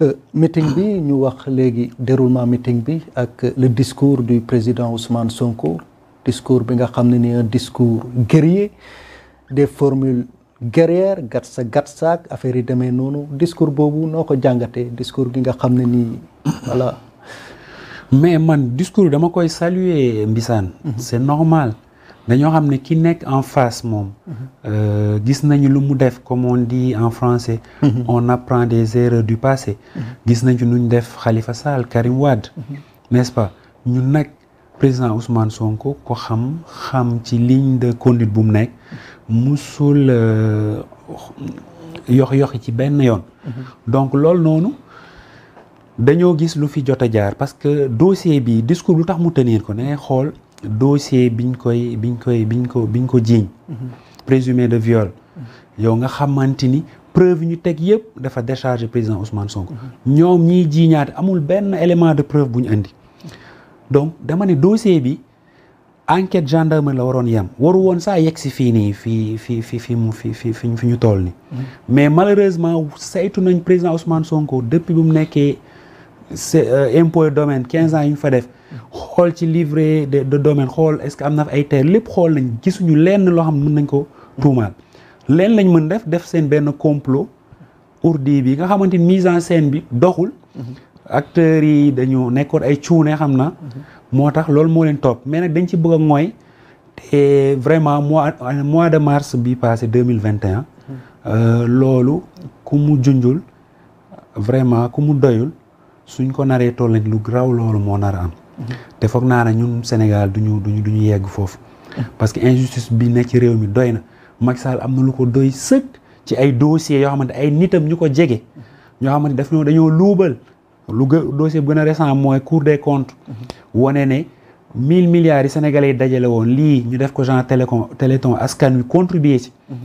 Euh, meeting bi ñu wax léegi déroulement meeting bi ak euh, le discours du président Ousmane Sonko discours bi nga xam ne ni un discours guerrier des formules guerrières gatsa gatsaak affaire yi demee noonu discours boobu noo ko jàngatee discours bi nga xam ne nii voilà. mais man discours dama koy saluer Mbissane. Mhm. c'est normal. dañoo xam ne ki nekk en face moom mhm. euh, gis nañu lu mu def comme on dit en français mhm. on apprend des erreurs du passé mhm. gis nañu nu ñu def xalifa Sall Karim Wade nest pas ñun nag président Ousmane Sonko ko xam xam ci ligne de conduite bu mu nekk musul euh, yox yoxi ci benn yoon donc loolu noonu dañoo gis lu fi jot a jaar parce que dossier bi discours lu tax mu tenir ko dangay xool dossier biñ koy biñ koy biñ ko biñ ko jiiñ présumé de viol yow nga xamante ni preuve ñu teg yëpp dafa décharger président Ousmane Sonko ñoom ñiy jiiñaate amul benn élément de preuve bu ñu indi donc dama ne dossier bi enquête gendarme la waroon yem waru woon saa yegg si fii nii fii fii fi fi mu fi fi fi ñu tool ni mais malheureusement saytu nañ président Ousmane Sonko depuis bu mu nekkee euh, impôt domaine quinze ans yu ñu fa def xool ci livre de de domaine xool est-ce que am na fa ay terre lépp xool nañ gisuñu lenn loo xam ne mën nañ ko tuumaal lenn lañ mën def def seen benn complot ourdi bi nga xamante ni mise en scène bi doxul mhm. acteurs yi dañu nekkoon ay cuune xam na mhm. moo tax loolu moo leen topp mais nag dañ ci bëgg a mooy te vraiment mois mois de mars bi passé deux mille vingt et un mhm. euh, loolu ku mu junjul vraiment ku mu doyul suñ ko naree toll nag lu raw loolu moo nar am te foog naa na ñun Sénégal duñu duñu du ñu yegg foofu parce que injustice bi nekk ci réew mi doy na Macky Sall am na lu ko doy sëkk ci ay dossiers yoo xamante ay nitam ñu ko jege ñoo xamante daf ñoo dañoo luubal lu gë dossier bu gën a récent mooy Cour des comptes wane ne mille milliards yi sénégalais dajale woon lii ñu def ko genre télécom téléthon askan wi contribuer ci mhm.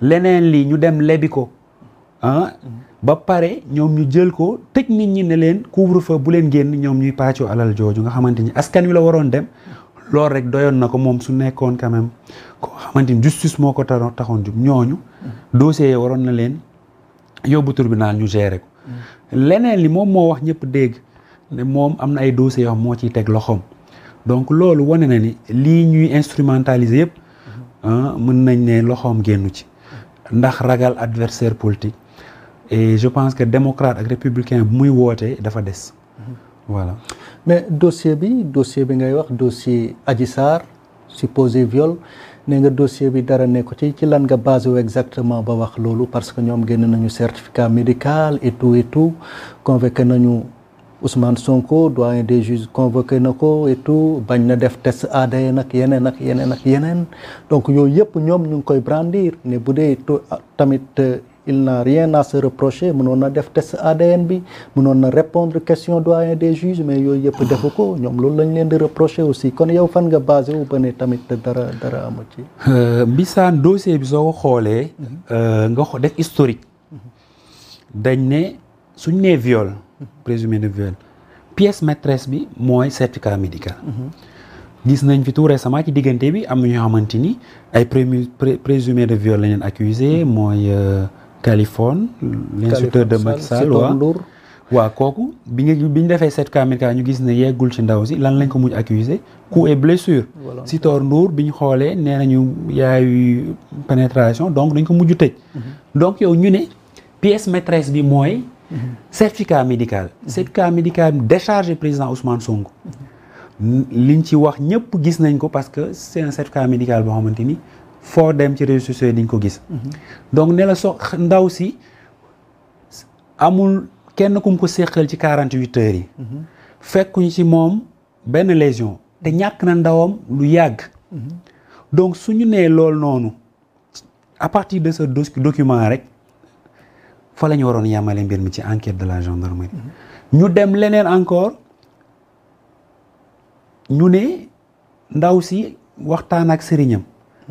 leneen lii ñu dem lebi ko ah mhm. ba pare ñoom ñu jël ko tëj nit ñi ne leen couvre-feu bu leen génn ñoom ñuy pàccoo alal jooju nga xamante ni askan wi la waroon dem loolu rek doyoon na ko moom su nekkoon quand même koo xamante ni justice moo ko taxoon jub ñooñu dossiers waroon na leen yóbbu tribunal ñu gérer ko leneen li moom moo wax ñëpp dégg ne moom am na ay dossiers moo ciy teg loxoom donc loolu wane na ni lii ñuy instrumentaliser yëpp ah, mën nañ ne loxoom génnu ci ndax ragal adversaire politique je pense que démocrate ak républicain bu muy wootee dafa des voilà mais dossier bi dossier bi ngay wax dossier Adji Sarr supposé viol nee nga dossier bi dara nekk ci ci lan nga basé wu exactement ba wax loolu parce que ñoom génn nañu certificat médical et tout et tout convoqué nañu Ousmane Sonko doyen des juges convoqué na ko et tout bañ na def test aada ak yeneen ak yeneen ak yeneen donc yooyu yëpp ñoom ñu ngi koy brandir ne bu dee tamit il n'a rien à se reprocher mënoon na def test ADN bi mënoon na répondre question doyen yooyu yëpp defu ko ñoom loolu lañ leen di reprocher aussi kon yow fan nga basé ba ne tamit dara dara ci. Euh, Mbissane dossier bi soo ko xoolee. Mhm. Euh, nga ko def historique. Mhm. dañ ne suñ nee viol. Mhm. présumé de viol pièce maîtresse bi mooy certificat médical. gis nañ fi tout récemment ci diggante bi am na ñoo ay présumé de viol lañ leen accusé mooy. Euh, Californie l'instructeur de Macky Sall waaw waaw kooku bi nga bi ñu defee sept médical ñu gis ne yeggul ci ndaw si lan lañ ko mujj accusé coup et blessure Sitor Ndour bi ñu xoolee nee nañu yaayu pénétration donc dañ ko mujj tëj mhm. donc yow ñu ne pièce maîtresse bi mooy mhm. certificat médical certificat mhm. médical déchargé président Ousmane Sonko liñ ci wax ñëpp gis nañ ko parce que c'est un certificat médical boo xamante ni foo dem ci réseaux sociaux yi di nga ko gis. Mhm. donc ne la so ndaw si amul kenn kum ko séqal ci quarante huit heures yi. Mhm. fekkuñu ci moom benn lésion. te ñàkk na ndawam lu yàgg. Mhm. donc suñu nee loolu noonu à partir de ce document rek fa la ñu waroon yàmmale mbir mi ci enquête de la gendarmerie. ñu dem leneen encore ñu ne ndaw si waxtaan ak sëriñam.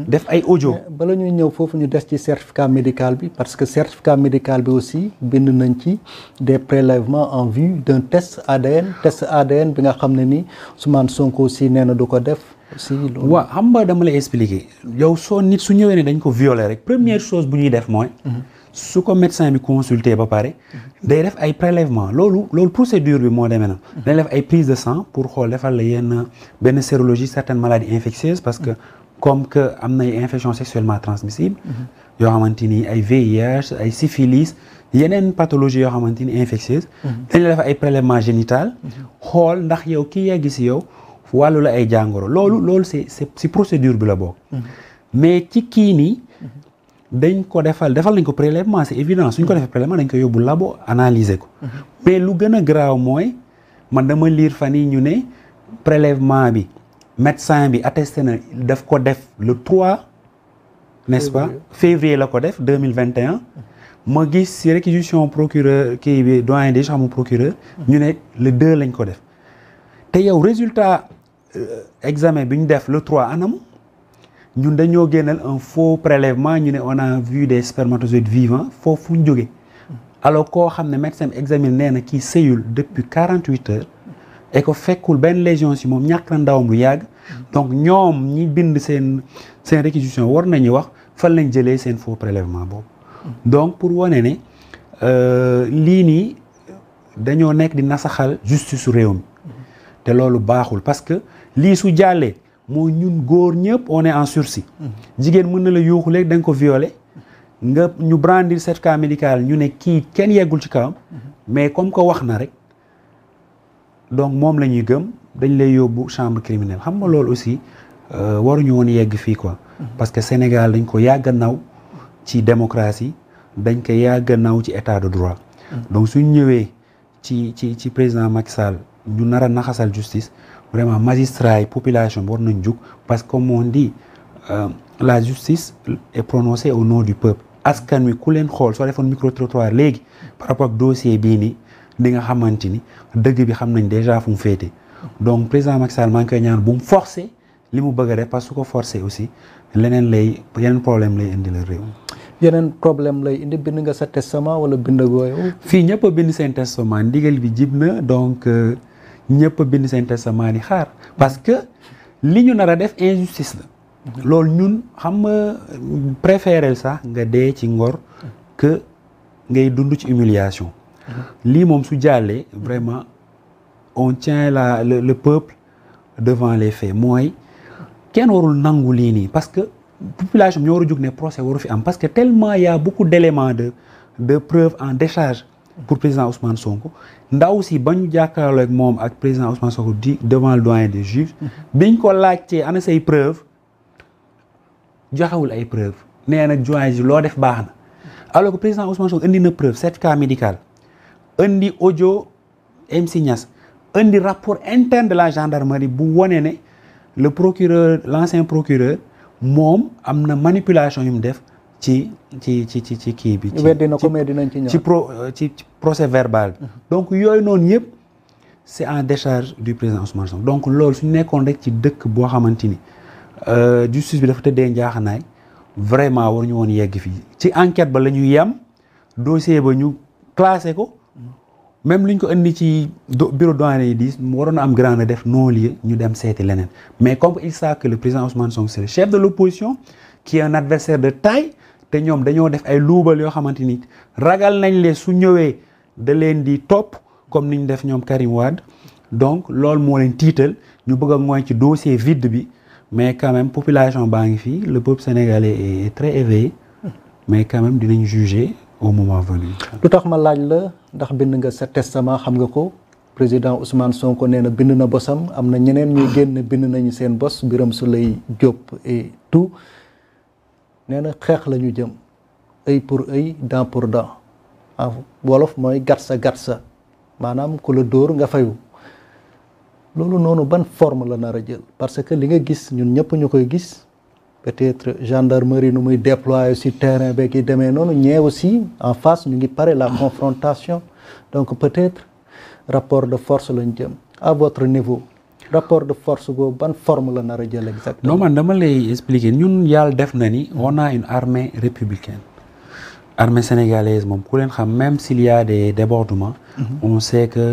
def ay audio. bala ñuy ñëw foofu ñu des ci certificat médical bi parce que certificat médical bi aussi bind nañ ci des prélèvements en vue d'un test ADN test ADN bi nga xam ne ni Ousmane Sonko aussi nee na du ko def. aussi loolu waaw xam nga dama lay expliquer yow soo nit su ñëwee ne dañ ko violer rek première chose bu ñuy def mooy. Mhm. su ko médecin bi consulter ba pare mhm. day def ay prélèvement loolu loolu procédure bi moo demee na mhm. dañ def ay prise de sang pour xool defal la yenn comme que am na ay infection sexuellement transmissible mhm. yoo xamante ni ay VIH ay syphilis yeneen pathologie yoo xamante ni infectieuse mhm. dañ la def ay prélèvement génital mhm. xool ndax yow ki yegg si yow wàllu la ay jàngoro loolu loolu c'est si procédure bi la bokk mais ci kii nii dañ ko defal defal nañ ko prélèvement c'est évident suñ ko defee prélèvement dañ ko yóbbu labo analyser ko mais lu gën a graaw mooy man dama liir fan yi ñu ne prélèvement bi médecin bi attesté na daf ko def le 3 n'est-ce pas février la ko def 2021 ma gis si réquisition procureur kii bi doyen des chambres procureur ñu ne le 2 lañ ko def te yow résultat euh, examen bi ñu def le 3 anam ñun dañoo génnal un faux prélèvement ñu ne un a vu des spermatozoïdes vivants foofu ñu jóge alors koo xam ne médecin bi examine nee na kii séyul depuis 48 heures et que fekkul benn légion si moom ñàkk na ndawam lu yàgg donc ñoom ñi bind seen seen réquisition war nañu wax fan lañ jëlee seen faux prélèvement boobu donc pour wane ne euh, lii nii dañoo nekk di nasaxal justice su réew mi te loolu baaxul parce que lii su jàllee moo ñun góor ñëpp on est en sursis jigéen mën na la yuuxu léegi da ko violé nga ñu brandir certificat médical ñu ne kii kenn yeggul ci kawam mais comme ko wax na rek donc moom la ñuy gëm dañ lay yóbbu chambre criminelle xam nga loolu aussi euh, waruñu woon yegg fii quoi. Mhm. parce que Sénégal dañ ko yàgg a naw ci démocratie dañ ko yàgg naw ci état de droit. Mhm. donc suñ ñëwee ci ci ci président Macky Sall ñu nar a naxasal justice vraiment magistrat population bi war nañ jug parce que comme di dit euh, la justice est prononcée au nom du peuple askan wi ku leen xool soo defoon micro léegi par rapport ak dossier bii nii. di nga xamante ni dëgg bi xam nañ déjà fu mu féete donc président Macky Sall maa ngi koy ñaan bu mu li mu bëgg rek def parce que ko forcé aussi leneen lay yeneen problème lay indi la réew. yeneen problème lay indi bind nga sa testament wala bind gooyo fii ñëpp bind seen testament ndigal bi jib na donc euh, ñëpp bind seen testament di xaar parce que li ñu nar a def injustice la. loolu ñun xam nga préféré sax nga dee ci ngor que ngay dund ci humiliation lii moom su jàllee vraiment on tien la le, le peuple devant les faits mooy kenn warul nangu lii nii parce que population ñoo war a jug ne procès waru fi am parce que tellement y a beaucoup d'éléments de de preuves en décharge pour président Ousmane Sonko ndaw si ba ñu jàkkaarloo ak moom ak président Ousmane Sonko di devant doyen des juges biñ ko laajtee ana say preuve joxewul ay preuve nee na doyen ji loo def baax na alors que président Ousmane Sonko indi na preuve certificat médical indi audio MC Niass indi rapport interne de la gendarmerie bu wone ne le procureur l'ancien procureur moom am na manipulation yu mu def ci ci ci ci ci kii bi. ci ci pro euh, ci procès verbal bi. Mhm. donc yooyu noonu yëpp c'est en décharge du président Ousmane Sonko donc loolu su nekkoon rek ci dëkk boo xamante ni euh, justice bi dafa tëddee njaaxanaay vraiment waruñu woon yegg fii ci enquête ba la ñu yem dossier ba ñu classé ko. même lu ñu ko indi ci bureau douane yi di mu waroon am grand def non lieu ñu dem seeti leneen mais comme il sait que le président Ousmane Sonko c'est le chef de l'opposition qui est un adversaire de taille te ñoom dañoo def ay luubal yoo xamante ni ragal nañ leen su ñëwee da leen di topp comme ni ñu def ñoom Karim Wade donc loolu moo leen tiital ñu bëgg a mooy ci dossier vide bi mais quand population baa ngi fii le peuple sénégalais est très éveillé mais quand même dinañ au moment venu. lu tax ma laaj la ndax bind nga sa testament xam nga ko président Ousmane Sonko nee na bind na bosam am na ñeneen ñuy génn bind nañu seen bos Birame Souleye Diop et tout nee na xeex la ñu jëm œil pour œil dent pour dent en ah, wolof mooy gatsa gatsa maanaam ku la dóor nga fayu loolu noonu ban forme la nar a jël parce que li nga gis ñun ñëpp ñu koy gis. peut-être gendarmerie nu muy déployer si terrain beeg yi demee noonu ñee aussi en face ñu ngi pare la confrontation donc peut-être rapport de force lañ jëm à votre niveau rapport de force boobu ban forme la nar a jël exactement. non man dama lay expliquer ñun yàlla def na ni on a une armée républicaine armée sénégalaise moom ku leen xam même s'il y des débordements. Mm -hmm. on sait que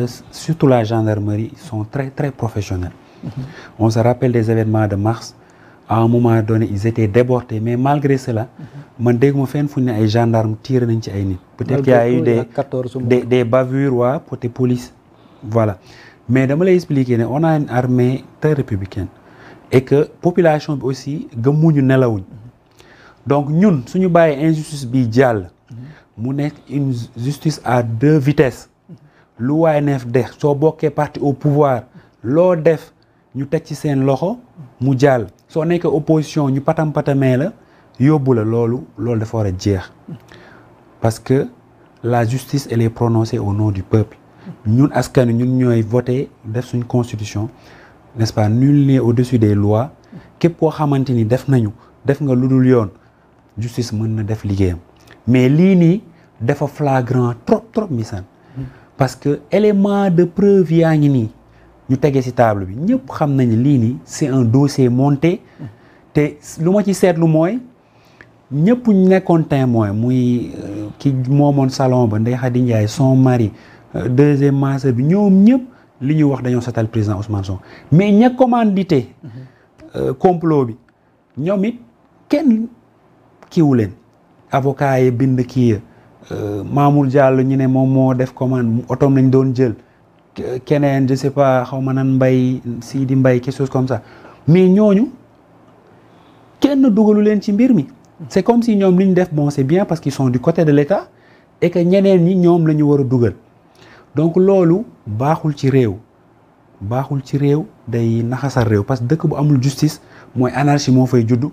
surtout la gendarmerie sont très très professionnels. Mhm. on se rappelle des événements à un moment donné ils étaient débordés mais malgré cela man dégg ma fenn fu ñu ne ay gendarme tiré nañ ci ay nit peut-être y a eu des des des bavures waa côté police voilà mais dama lay expliquer ne on a une armée très et que population bi aussi gëmmuñu nelawuñ donc ñun suñu bàyyi injustice bi jàll mu nekk une justice à deux vitesses lu waay neef de soo bokkee parti au pouvoir loo def ñu teg ci seen loxo mu jàll soo nekkee opposition ñu patam patamee la yóbbu la loolu loolu dafa war a jeex parce que la justice elle est prononcée au nom du peuple ñun askan ñun ñooy voté def suñ constitution n'est-ce pas nul au-dessus des lois képp koo xamante ni def nañu def nga lu dul yoon justice mën na def liggéeyam mais lii nii dafa flagrant trop trop misan parce que élément de preuve yaa ngi nii ñu tege ci table bi ñëpp xam nañu lii nii c'est un dossier monté te lu ma ci seetlu mooy ñëpp ñu nekkoon témoin muy euh, ki moomoon salon ba Ndeye Khady Ndiaye son mari euh, deuxième master bi ñoom ñëpp li ñu wax dañoo satal président Ousmane Sonko mais ña commandité euh, complot bi ñoom it kenn kiwu leen avocat bind kii Mamour Diallo ñu ne moom moo def commande otoom lañ doon jël keneen je sais pas xaw ma nan mbay si di mbay quelque chose comme ça mais ñooñu kenn dugalu leen ci mbir mi. c'est comme si ñoom li ñu def bon c'est bien parce que sont du côté de l'État et que ñeneen ñi ñoom la ñu war a dugal donc loolu baaxul ci réew baaxul ci réew day naxasar réew parce que dëkk bu amul justice mooy anarchie moo fay juddu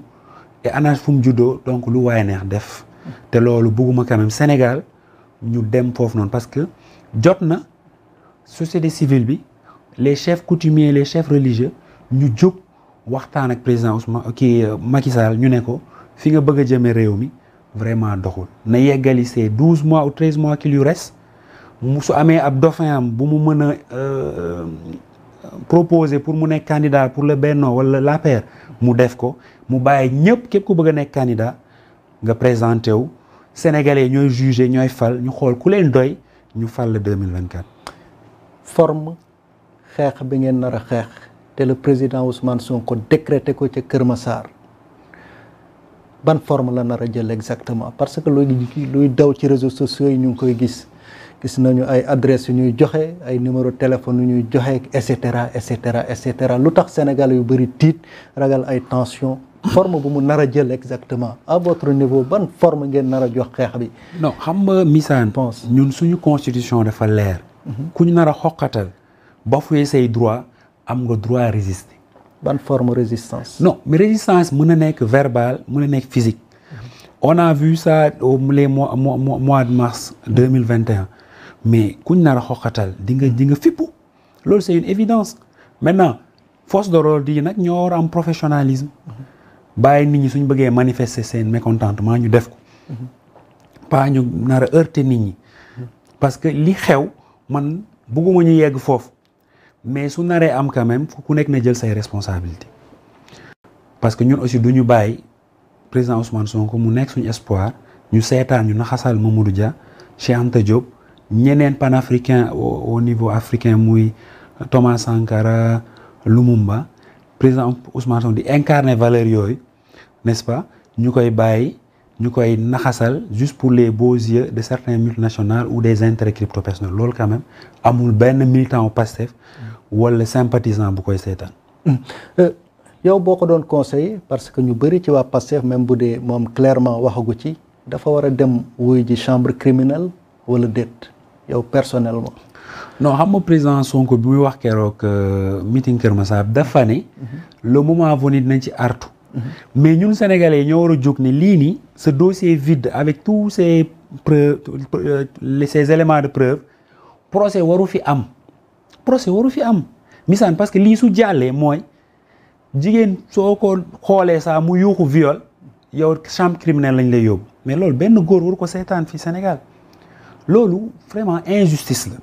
et anarchie fu mu juddoo donc lu waaye neex def te loolu bugguma quand Sénégal ñu dem foofu noonu parce que jot na. société civile bi les chefs coutumiers les chefs religieux ñu jóg waxtaan ak président Ousmane kii euh, Macky ñu ne ko fi nga bëgg a jëmee réew mi vraiment doxul na yeggali ces douze mois ou treize mois qui lui reste mu su amee ab dauphin am bu mu mën a euh, proposer pour mu nekk candidat pour le Benno wala l'APR mu def ko mu bàyyi ñëpp képp ku bëgg a nekk candidat nga présenté wu sénégalais ñooy jugé ñooy fal ñu xool ku leen doy ñu fal le 2024 forme xeex bi ngeen nar a xeex te le président Ousmane Sonko décrété ko ca Kër Massar ban forme la nar a jël exactement parce que luy luy daw ci réseaux sociaux yi ñu ngi koy gis gis nañu ay adresse yu ñuy joxe ay numéro téléphone yu ñuy joxe et cetera et cetera et cetera lu tax Sénégal yu bëri tiit ragal ay tension forme bu mu nar a jël exactement à votre niveau ban forme ngeen nar a jox xeex bi. non xam nga misaan. pense ñun suñu constitution dafa leer. ku ñu nar a xoqatal ba fuye say droit am nga droit résister. ban forme résistance. non mais résistance mën na nekk verbal mun a nekk physique. on a vu au les mois de mars deux mille vingt et mais ku ñu nar a xoqatal di nga di nga fippu loolu c'est une évidence maintenant force de l'ordre yi nag ñoo war am professionnalisme. bàyyi nit ñi suñ bëggee manifester seen mécontentement ñu def ko. Mhm. pas ñu nar a heurter nit ñi. parce que li xew. man bugguma ñu yegg foofu mais su naree am quand même ku nekk na jël say responsabilité parce que ñun aussi du ñu bàyyi président Ousmane Sonko mu nekk suñu espoir ñu seetaan ñu naxasal Mamadou Dia Cheikh Anta Diop ñeneen panafricain au niveau africain muy Thomas Sankara lu Lumumba président Ousmane di incarner valeur yooyu n'est-ce ñu koy bàyyi ñu koy naxasal juste pour les beaux yeux de certains multinationales ou des intérêts crypto-personnels loolu quand amul benn militant Pastef wala sympathisant bu koy seetaan. Hmm. Euh, yow boo ko doon conseiller parce que ñu bëri ci waa Pastef même bu dee moom clairement waxagu ci dafa war a dem wuy ji chambre criminelle wala déet yow personnellement. no xam nga président Sonko bi muy wax keroog euh, meeting Kër Massar dafa ne. Mhm. le moment venu dinañ ci artu. mais ñun sénégalais ñoo war a jóg ne lii nii ce dossier vide avec tous ces preuves euh, ces éléments de preuve procès waru fi am procès waru fi am misaan parce que lii su jàllee mooy jigéen soo ko xoolee saa mu yuuxu viol yow chambre criminelle lañ lay yóbbu mais loolu benn góor waru ko seetaan fi Sénégal loolu vraiment injustice la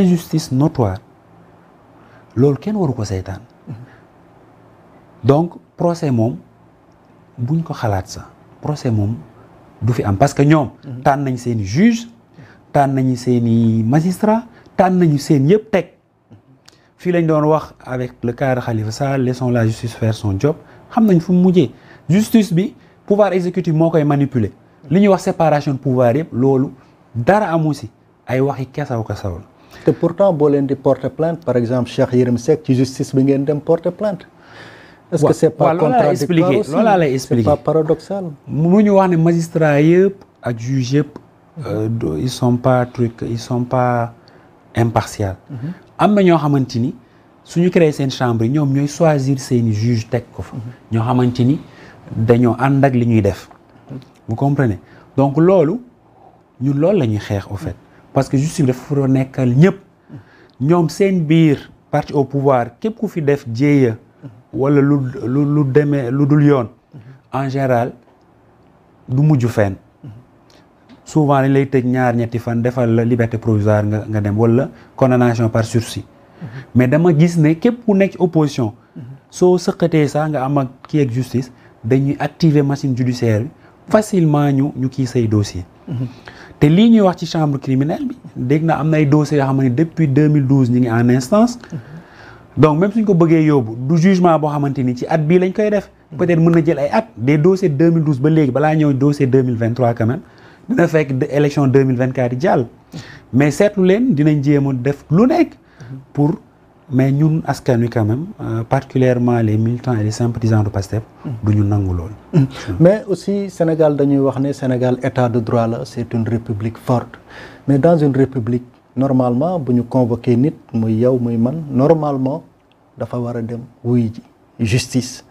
injustice notoire loolu kenn waru ko seetaan donc procès moom buñ ko xalaat sax procès moom du fi am parce que ñoom. Mhm. tànn nañ seeni juge tànn nañu seen i magistrat tànn nañu seen yëpp teg fii lañ doon wax avec le cas de Khalifa Sall laissons la justice faire son job xam nañ fu mu mujjee justice bi pouvoir exécutif moo koy manipuler li ñuy wax séparation de pouvoir yëpp loolu dara amu si ay waxi kasaw kasaw la. te pourtant boo leen di porter plainte par exemple Cheikh Yérim Seck ci justice bi ngeen dem porter plainte. est-ce que c'est pas contradictoire aussi loolu wax ne magistrat yëpp ak juge yëpp. Euh, ils sont pas truc ils mm-hmm. am na ñoo xamante ni suñu créé seen chambre yi ñoom ñooy choisir seen juge teg ko fa. Mm-hmm. ñoo xamante ni dañoo ànd ak li ñuy def. vous comprenez donc loolu ñun loolu la ñuy xeex au fait mm-hmm. parce que justice bi dafa fa ñëpp ñoom seen biir parti au pouvoir képp ku fi def jéeya. wala lu lu lu demee lu dul yoon en général du mujj fenn souvent dañ lay tëj ñaar ñetti fan defal la liberté provisoire nga nga dem wala condamnation par sursis mais dama gis ne képp ku nekk opposition soo sëqatee saa nga am ak ki ak justice dañuy activer machine judiciaire bi facilement ñu ñu kii say dossier te lii ñuy wax ci chambre criminelle bi dégg na am na ay dossiers yoo xam ne depuis 2012 ñu ngi en instance donc même suñ ko bëggee yóbbu du jugement boo xamante ni ci at bii lañ koy def peut-être mën na jël ay at des dossiers 2012 ba léegi balaa ñëw dossier 2023 quand même dina fekk élection 2024 yi mais seetlu leen dinañ jéem def lu nekk pour mais ñun askan wi quand même euh, particulièrement les militants et les sympathisants du PASTEF du ñu nangu loolu hmm. mais aussi Sénégal dañuy wax ne Sénégal état de droit la c'est une république forte mais dans une république normalement bu ñu convoqué nit muy yow muy man normalement dafa war a dem wuy ji justice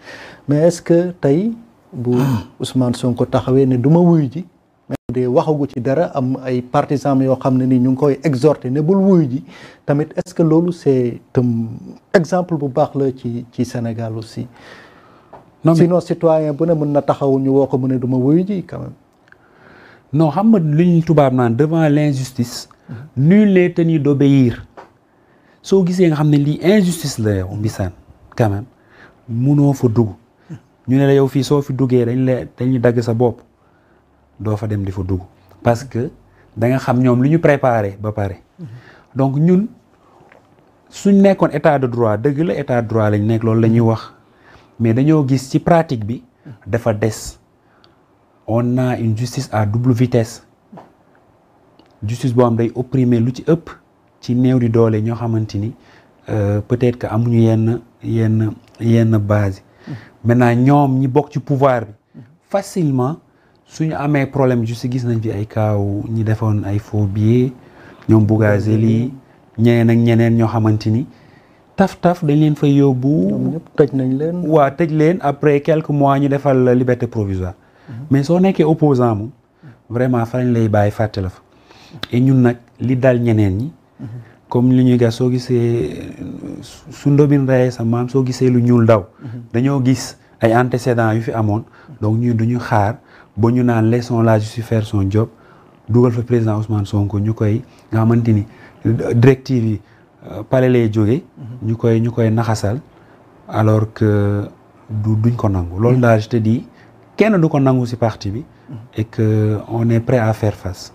mais est-ce que tey bu ah. Ousmane Sonko taxawee ne du ma wuy ji mais de waxagu ci dara am ay partisans yoo xam ne ni ñu ngi koy exhorter ne bul wuy ji tamit est-ce que loolu c'est tam exemple bu baax la ci ci Sénégal aussi non sinon citoyen bu ne mën na taxaw ñu woo ko mu ne du ma wuyu ji quand même xam nga li ñu tubaab naan devant l'injustice nu nul n'est tenu d'obéir soo gisee nga xam ne lii injustice la yow mbisaan quand munoo fa dugg ñu ne la yow fii soo fi duggee dañ la dañuy dagg sa bopp doo fa dem di fa dugg parce que da nga xam ñoom lu ñu préparer ba pare donc ñun suñ nekkoon état de droit dëgg la état de droit lañ nekk loolu la ñuy wax mais dañoo gis ci pratique bi dafa des on a une justice à double vitesse justice boo am day opprimer lu ci ëpp ci néew di doole ñoo xamante ni euh, peut-être que amuñu yenn yenn yenn base mm-hmm. maintenant ñoom ñi bokk ci pouvoir bi mm-hmm. facilement suñu amee problème justice gis nañ fi ay kaaw ñi defoon ay faux billets ñoom Bougazeli ñeneen ak ñeneen ñoo xamante ni taf-taf dañ leen fa yóbbu tëj nañ leen waa tëj leen après quelque mois ñu defal liberté provisoire mm-hmm. mais soo nekkee opposant moom vraiment fa lañ lay baay fàtte la fa et ñun nag li daal ñeneen ñi mhm. comme li ñuy gas soo gisee su ndobin rayee sa maam soo gisee lu ñuul daw mhm. dañoo gis ay antécédents yu fi amoon donc du duñu xaar ba ñu naan laissons la justice faire son job dugal fa président Ousmane Sonko ñu koy nga xamante ni directive yi euh, pale lay jóge mhm. ñu koy ñu koy naxasal alors que du duñ ko nangu loolu daal je te dis kenn du ko nangu si parti bi et on est prêt à faire face